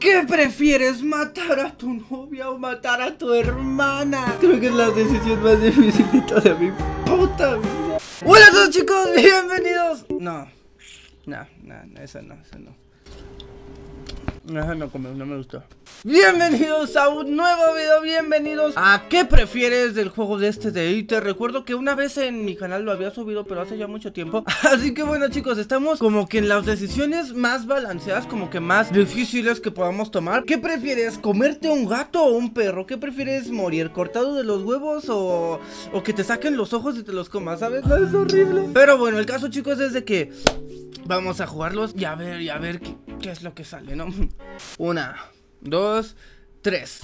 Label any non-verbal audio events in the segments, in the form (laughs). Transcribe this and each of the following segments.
¿Qué prefieres, matar a tu novia o matar a tu hermana? Creo que es la decisión más difícil de toda mi puta vida. Hola a todos chicos, bienvenidos. No, no, no, eso no, eso no. No, no, no me gustó. Bienvenidos a un nuevo video, bienvenidos a ¿Qué prefieres del juego de este de te Recuerdo que una vez en mi canal lo había subido, pero hace ya mucho tiempo (laughs) Así que bueno chicos, estamos como que en las decisiones más balanceadas, como que más difíciles que podamos tomar ¿Qué prefieres? ¿Comerte un gato o un perro? ¿Qué prefieres? ¿Morir cortado de los huevos o, o que te saquen los ojos y te los comas? ¿Sabes? No, es horrible Pero bueno, el caso chicos es de que vamos a jugarlos y a ver, y a ver qué es lo que sale, ¿no? (laughs) Una, dos, tres.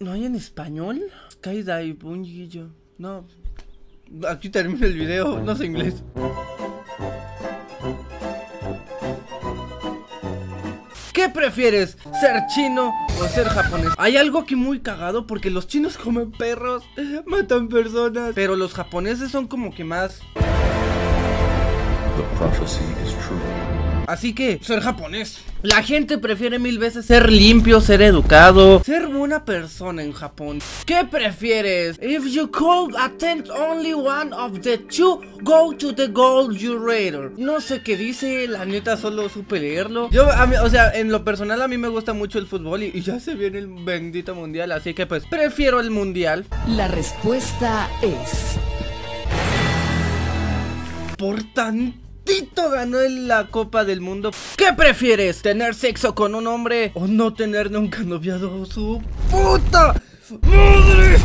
¿No hay en español? No. Aquí termina el video, no sé inglés. ¿Qué prefieres? ¿Ser chino o ser japonés? Hay algo que muy cagado porque los chinos comen perros, (laughs) matan personas, pero los japoneses son como que más... Así que ser japonés. La gente prefiere mil veces ser limpio, ser educado, ser buena persona en Japón. ¿Qué prefieres? If you could attend only one of the two, go to the gold No sé qué dice, la neta solo supe leerlo. Yo, o sea, en lo personal a mí me gusta mucho el fútbol y, ya se viene el bendito mundial, así que pues prefiero el mundial. La respuesta es... Por Tito ganó en la Copa del Mundo. ¿Qué prefieres? ¿Tener sexo con un hombre o no tener nunca noviado? ¡Su puta! ¡Madre!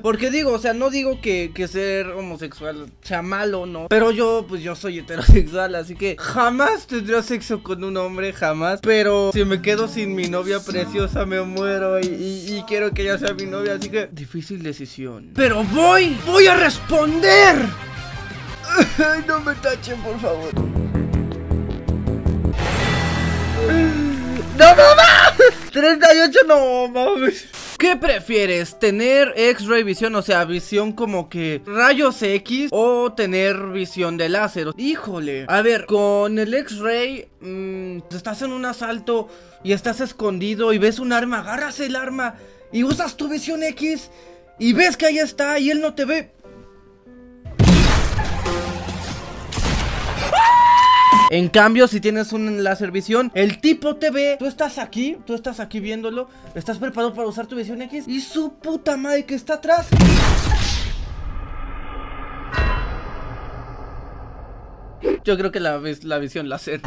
(laughs) Porque digo, o sea, no digo que, ser homosexual sea malo, no. Pero yo, pues yo soy heterosexual, así que jamás tendría sexo con un hombre, jamás. Pero si me quedo sin mi novia preciosa, me muero y, y quiero que ella sea mi novia, así que difícil decisión. Pero voy, voy a responder no me tachen, por favor. ¡No, no, 38, no, mames. ¿Qué prefieres? ¿Tener X-ray visión? O sea, visión como que rayos X o tener visión de láser. Híjole. A ver, con el X-ray mm, estás en un asalto y estás escondido y ves un arma, agarras el arma y usas tu visión X y ves que ahí está y él no te ve. En cambio, si tienes un láser visión, el tipo te ve. Tú estás aquí, tú estás aquí viéndolo. Estás preparado para usar tu visión X. Y su puta madre que está atrás. Yo creo que la, la visión láser.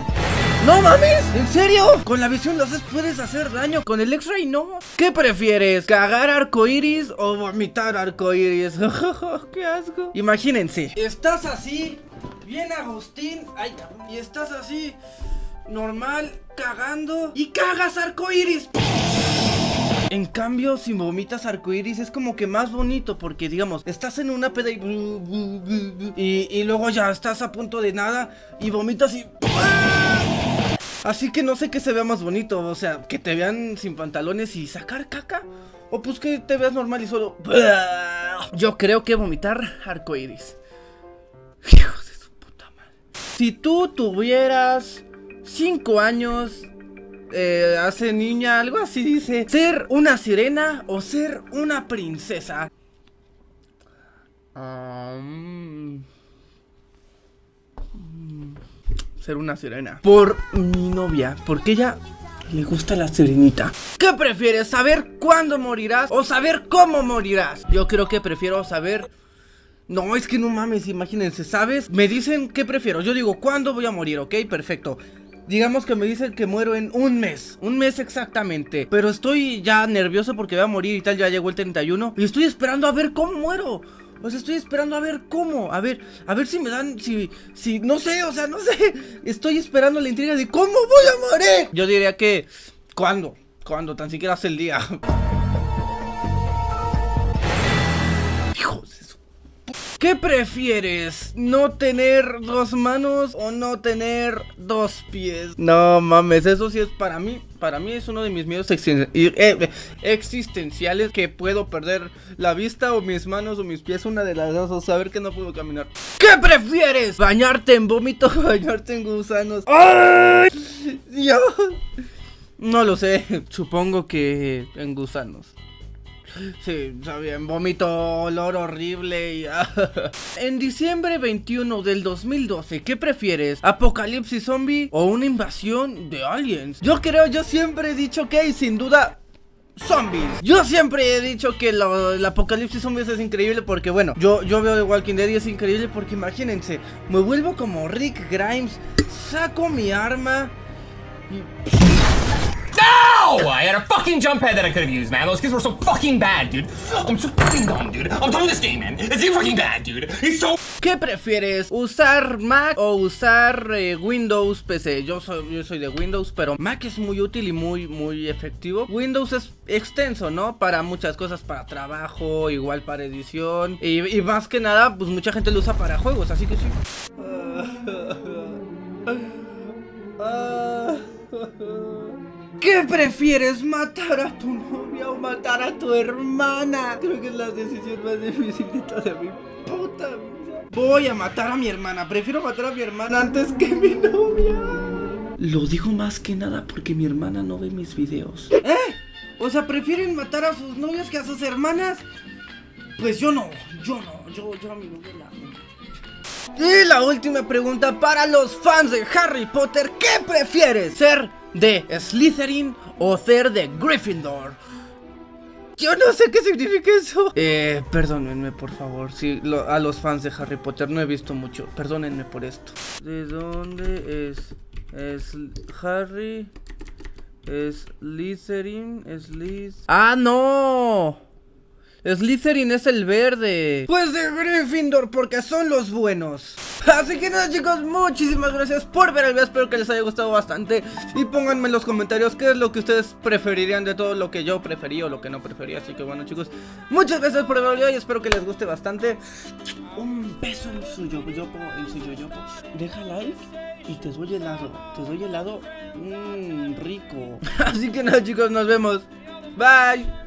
¡No mames! ¿En serio? Con la visión láser puedes hacer daño, con el X-Ray no. ¿Qué prefieres? ¿Cagar arcoiris o vomitar arcoiris? (laughs) ¡Qué asco! Imagínense, estás así, bien Agustín, ay, y estás así, normal, cagando, y cagas arcoiris. En cambio, si vomitas arcoiris es como que más bonito porque, digamos, estás en una peda y, y luego ya estás a punto de nada y vomitas y... Así que no sé qué se vea más bonito, o sea, que te vean sin pantalones y sacar caca. O pues que te veas normal y solo... Yo creo que vomitar arcoíris. Hijo de su puta madre. Si tú tuvieras 5 años... Eh, hace niña, algo así dice. Ser una sirena o ser una princesa. Um... una sirena. Por mi novia, porque ella le gusta la sirenita. ¿Qué prefieres? ¿Saber cuándo morirás o saber cómo morirás? Yo creo que prefiero saber... No, es que no mames, imagínense, ¿sabes? Me dicen que prefiero. Yo digo, ¿cuándo voy a morir? Ok, perfecto. Digamos que me dicen que muero en un mes Un mes exactamente Pero estoy ya nervioso porque voy a morir y tal Ya llegó el 31 Y estoy esperando a ver cómo muero o sea, estoy esperando a ver cómo. A ver, a ver si me dan. Si. Si. No sé, o sea, no sé. Estoy esperando la intriga de cómo voy a morir. Yo diría que. ¿Cuándo? ¿Cuándo? Tan siquiera hace el día. ¿Qué prefieres? ¿No tener dos manos o no tener dos pies? No mames, eso sí es para mí. Para mí es uno de mis miedos eh, existenciales que puedo perder la vista o mis manos o mis pies, una de las dos, o saber que no puedo caminar. ¿Qué prefieres? ¿Bañarte en vómito o bañarte en gusanos? ¡Ay! No lo sé, supongo que en gusanos. Sí, bien, vómito, olor horrible y... Ah. (laughs) en diciembre 21 del 2012, ¿qué prefieres? ¿Apocalipsis zombie o una invasión de aliens? Yo creo, yo siempre he dicho que hay sin duda zombies. Yo siempre he dicho que el apocalipsis zombies es increíble porque, bueno, yo, yo veo The Walking Dead y es increíble porque imagínense, me vuelvo como Rick Grimes, saco mi arma y... No! I had a fucking jump pad that I could have used, man. Those kids were so fucking bad, dude. I'm so fucking dumb, dude. I'm done with this game, man. It's so fucking bad, dude. It's so ¿Qué prefieres? ¿Usar Mac o usar eh, Windows PC? Yo soy, yo soy de Windows, pero Mac es muy útil y muy, muy efectivo. Windows es extenso, ¿no? Para muchas cosas, para trabajo, igual para edición. Y, y más que nada, pues mucha gente lo usa para juegos, así que sí. (laughs) ¿Qué prefieres, matar a tu novia o matar a tu hermana? Creo que es la decisión más difícil de mi puta vida. Voy a matar a mi hermana, prefiero matar a mi hermana antes que mi novia. Lo digo más que nada porque mi hermana no ve mis videos. ¿Eh? O sea, ¿prefieren matar a sus novias que a sus hermanas? Pues yo no, yo no, yo, yo a mi novia y la última pregunta para los fans de Harry Potter, ¿qué prefieres? ¿Ser de Slytherin o ser de Gryffindor. Yo no sé qué significa eso. Eh, perdónenme, por favor. Si a los fans de Harry Potter no he visto mucho. Perdónenme por esto. ¿De dónde es? Es Harry. Es Slytherin. ¡Ah, no! Slytherin es el verde. Pues de Gryffindor, porque son los buenos. Así que nada chicos, muchísimas gracias por ver el video, espero que les haya gustado bastante Y pónganme en los comentarios qué es lo que ustedes preferirían de todo lo que yo preferí o lo que no preferí Así que bueno chicos, muchas gracias por ver el video y espero que les guste bastante Un beso en su yoyopo, en su yopo. Deja like y te doy helado, te doy helado, mmm, rico (laughs) Así que nada chicos, nos vemos, bye